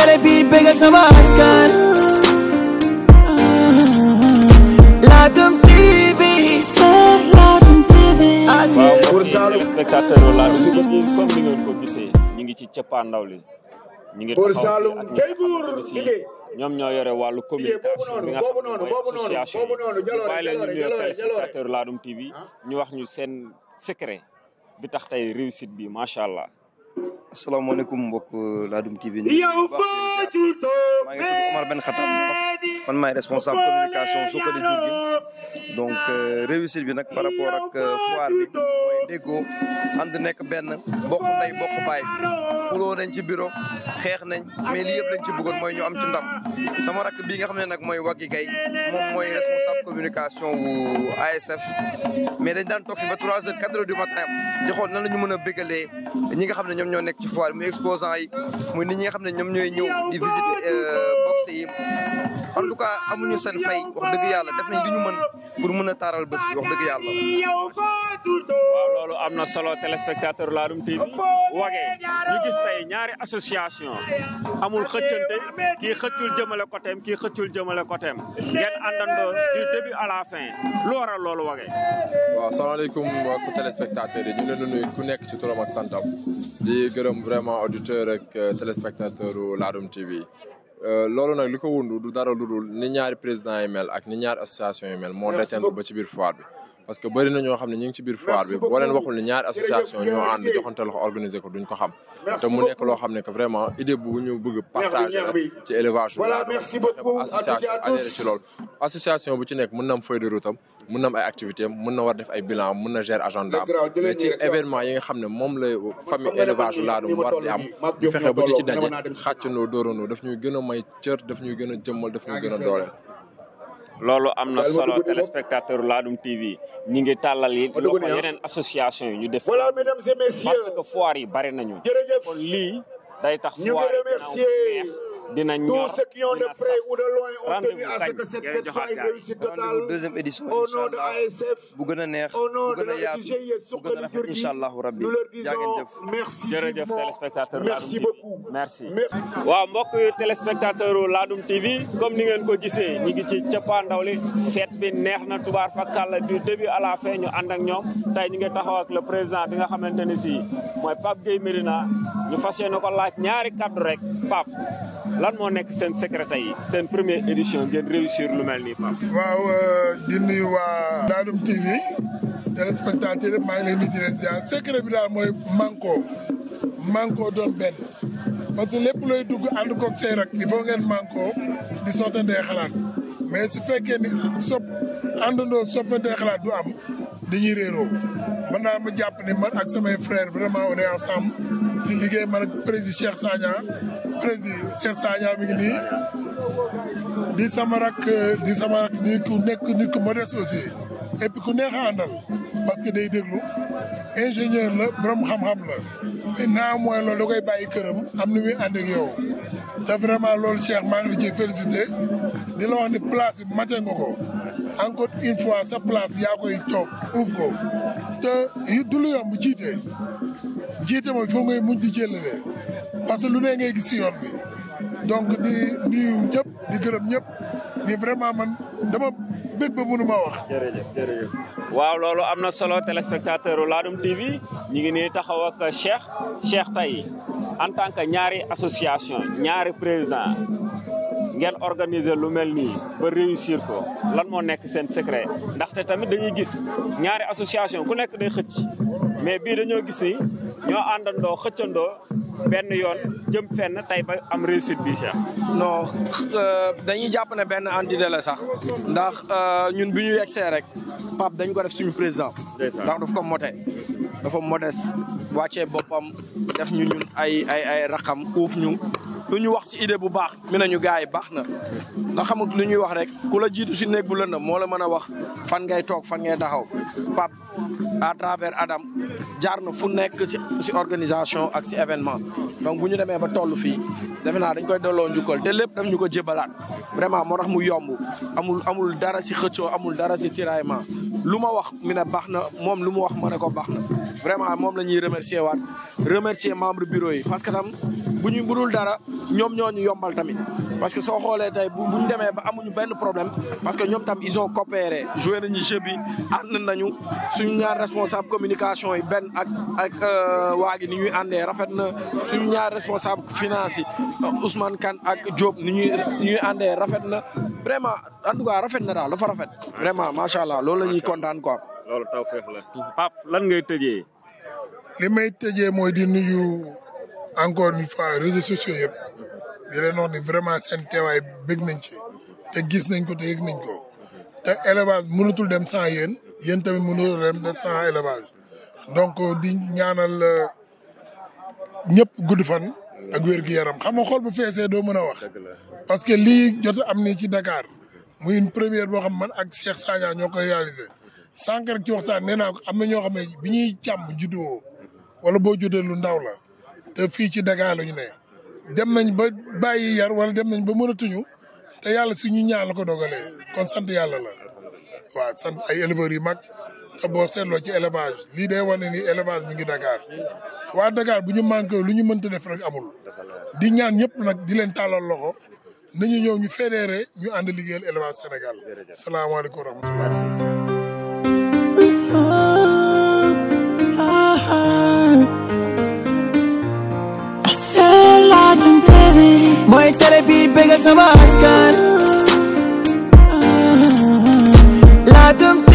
télé bi bégal sama askan Ladoum TV c'est Ladoum TV waaw pour spectateur la bi comme ni ngeen ko gisee ñu ngi ci cappaandaw li ñu ngi taxaw ak ñoom ñoo yore wàllu communication bi nga xam ne mooy association bi bàyyi leen ñu nuyoo téléspectateur Ladoum TV ah. ñu wax ñu seen secret bi tax tey réussite bi macha allah. asalaamaaleykum mbokk Ladoum TV ñu yow foo ci toog maa ngi tudd Omar Ben Khattab man maay responsable communication Sokone Diourbel donc euh, réussite bi nag par rapport ak euh, foire bi déggoo ànd nekk benn bokk ndey bokk baay xuloo nañ ci bureau xeex nañ mais lii yëpp lañ ci bëggoon mooy ñu am ci ndam sama rakk bi nga xam ne nag mooy Waggy Gaye moom mooy responsable communication wu ASF mais dañ daan toog fi ba trois heures quatre heures du matin di nan la ñu mën a béggalee ñi nga xam ne ñoom ñoo nekk ci foire muy exposant yi muy nit ñi nga xam ne ñoom ñooy ñëw di visiter euh, boxe yi en tout amuñu sen fay wax dëgg yàlla def nañ li mën pour mën a taaral bés wax dëgg yàlla. waaw loolu am na solo téléspectateur Ladoum TV wage ñu gis tey ñaari association amul xëccante kii xëccul jëmale côtéem kii xëccul jëmale côtéem ngeen àndandoo du début à la fin lu waral lool wage. waaw salaamaaleykum mbokki téléspectateur yi ñu leen di nuyu ku nekk ci turam ak santam di gërëm vraiment auditeur ak euh, téléspectateur Ladoum TV. Euh, loolu nag li ko wundu du dara lu dul ni ñaari président yi mel ak ni ñaari association yi mel moo détendu ba ci biir fois parce que bëri na ñoo xam ne ñu ngi ci biir foire bi boo leen waxul ne ñaari association ñoo ànd joxante loxo organiser ko duñ ko xam te mu nekk loo xam ne que vraiment idée bu ñu bëgg partager ci élevage voilà merci beaucoup association bu ci nekk mën na am feuille de route mun mën na ay activité am mën na war def ay bilan am mën na gérer agenda mais ci événement yi nga xam ne moom la famille élevage Ladoum war di am ñu fexe ba di ci daje xàccandoo dóorandoo daf ñuy gën a may cër daf ñuy gën a jëmmal daf ñuy gën a dooleel loolu am na solo téléspectateur Ladoum TV ñi ngi tàllal yi loxo ah. yeneen association yi ñu def voilà mesdames et messieurs yi bari nañu kon lii day tax foire yi dina ñor tous ceux qui ont de près ou de loin ont tenu à ce que cette fête soit une réussite totale deuxième édition au nom de ASF bu gën a neex au nom de la GIE Suqali Jur gi nous leur disons merci vivement merci beaucoup merci waaw mbokk téléspectateur u Ladoum TV comme ni ngeen ko gisee ñi ngi ci cappaandaw li fête bi neex na tubaar fakkàlla du début à la fin ñu ànd ak ñoom tey ñu ngi taxaw ak le président bi nga xamante ne si mooy Pape Gueye Medina ñu fas yéene ko laaj ñaari kaddu rek Pape lan moo nekk seen secrétaire yi seen première édition ngeen réussir lu mel nii Pape. waaw euh, di waa Ladoum TV téléspectateur yëpp maa ngi leen di leen ziar secret bi daal mooy manko manko doon benn parce que lépp looy dugg ànd koog say rak il ngeen manko di sottantee xalaat mais su fekkee ni sopp àndandoo soppantee xalaat du am dañuy réeroo man daal ma jàpp ne man ak samay frères vraiment on est ensemble di liggéey man ak président Cheikh Sagna. président Cheikh Sagna mi di sama di sama rak di ku nekk nit ku modeste aussi et puis ku neex a àndal parce que day déglu ingénieur la borom xam-xam la maintenant mooy loolu da koy bàyyi këram am na muy ànd ak yow vraiment loolu Cheikh maa ngi la félicité di la wax ni place bi mate encore une fois sa place yaa koy toog uuf te yu du lu yomb jiite jiite mooy foo mu mujj jëlale parce que lu ne ngay gis si yoon bi donc di nuyu ñëpp di gërëm ñëpp ni vraiment man dama bég ba mënu ma wax. waaw loolu am na solo téléspectateur Ladoum TV ñu ngi nii taxaw ak Cheikh Cheikh tey en tant ñaari association ñaari président. ngeen organiser lu mel nii ba réussir ko lan moo nekk seen secret ndaxte tamit dañuy gis ñaari association ku nekk day xëcc mais bii dañoo gis ni ñoo àndandoo xëccandoo benn yoon jëm fenn tey ba am réussite bi Cheikh. non euh, dañuy jàpp ne benn entité la sax ndax euh, ñun bi ñu yegsee rek Pape dañ ko def suñu président. ndax du ko mote dafa modeste wàccee boppam def ñu ñun ay ay ay raxam uuf ñu. lu ñu wax ci idée bu baax mi nañu gars yi baax na nga xam lu ñuy wax rek ku la jiitu si néeg bu lëndëm moo la mën a wax fan ngay toog fan ngay taxaw Pape à travers Adam jaar na fu nekk si si organisation ak si événement donc bu ñu demee ba toll fii defe naa dañ koy delloo njukkal te lépp daf ñu ko jébalaat vraiment moo tax mu yomb amul amul dara si xëccoo amul dara si tiraillement lu ma wax mi ne baax na moom lu mu wax ma ne ko baax na vraiment moom la ñuy remercier waat remercier membre bureau yi parce que tam bu ñu budul dara ñoom ñoo ñu yombal tamit parce que soo xoolee tey bu ñu demee ba amuñu benn problème parce que ñoom tam ils ont coopéré nañu jeu bi ànd nañu suñu ñaar responsable communication yi benn ak ak euh, waa gi ni ñuy àndee rafet na suñu ñaar responsable finance yi Ousmane kan ak Diop ni ñuy ñuy àndee rafet na vraiment en tout cas rafet na daal lafa rafet. vraiment macha allah loolu la ñuy kontaan quoi. loolu taw feex la. Pape lan ngay tëjee. li may tëjee mooy di nuyu encore une fois réseaux sociaux yëpp di leen wax ni vraiment seen teewaay bëgg nañ ci te gis nañ ko te yëg nañ te élevage mënatul dem sans yéen yéen tamit mënatul dem sans élevage donc di ñaanal euh, ñëpp gudd fan. ak wér-gu-yaram xam nga xol bu feese doo mën a wax parce que lii jot am nii ci Dakar mu une première boo xam man ak Cheikh Saga ñoo koy réalisé sànq rek ci waxtaan nee naa ko am na ñoo xam ne bi ñuy càmm juddoo wala boo juddoo lu ndaw la te fii ci Dakar la ñu ne dem nañ ba bàyyi yar wala dem nañ ba mënatuñu te yàlla si ñu ñaan la ko dogalee kon sant yàlla la waaw sant ay éleveurs yu mag te boo seetloo ci élevage lii day wane élevage mi ngi Dakar waa Dakar bu ñu manqué lu ñu mënta def rek amul di ñaan ñëpp nag di leen tàllal loxo nañu ñëw ñu fédéré ñu ànd liggéeyal élevage Sénégal salaamaaleykum wa rahmatulah. mooy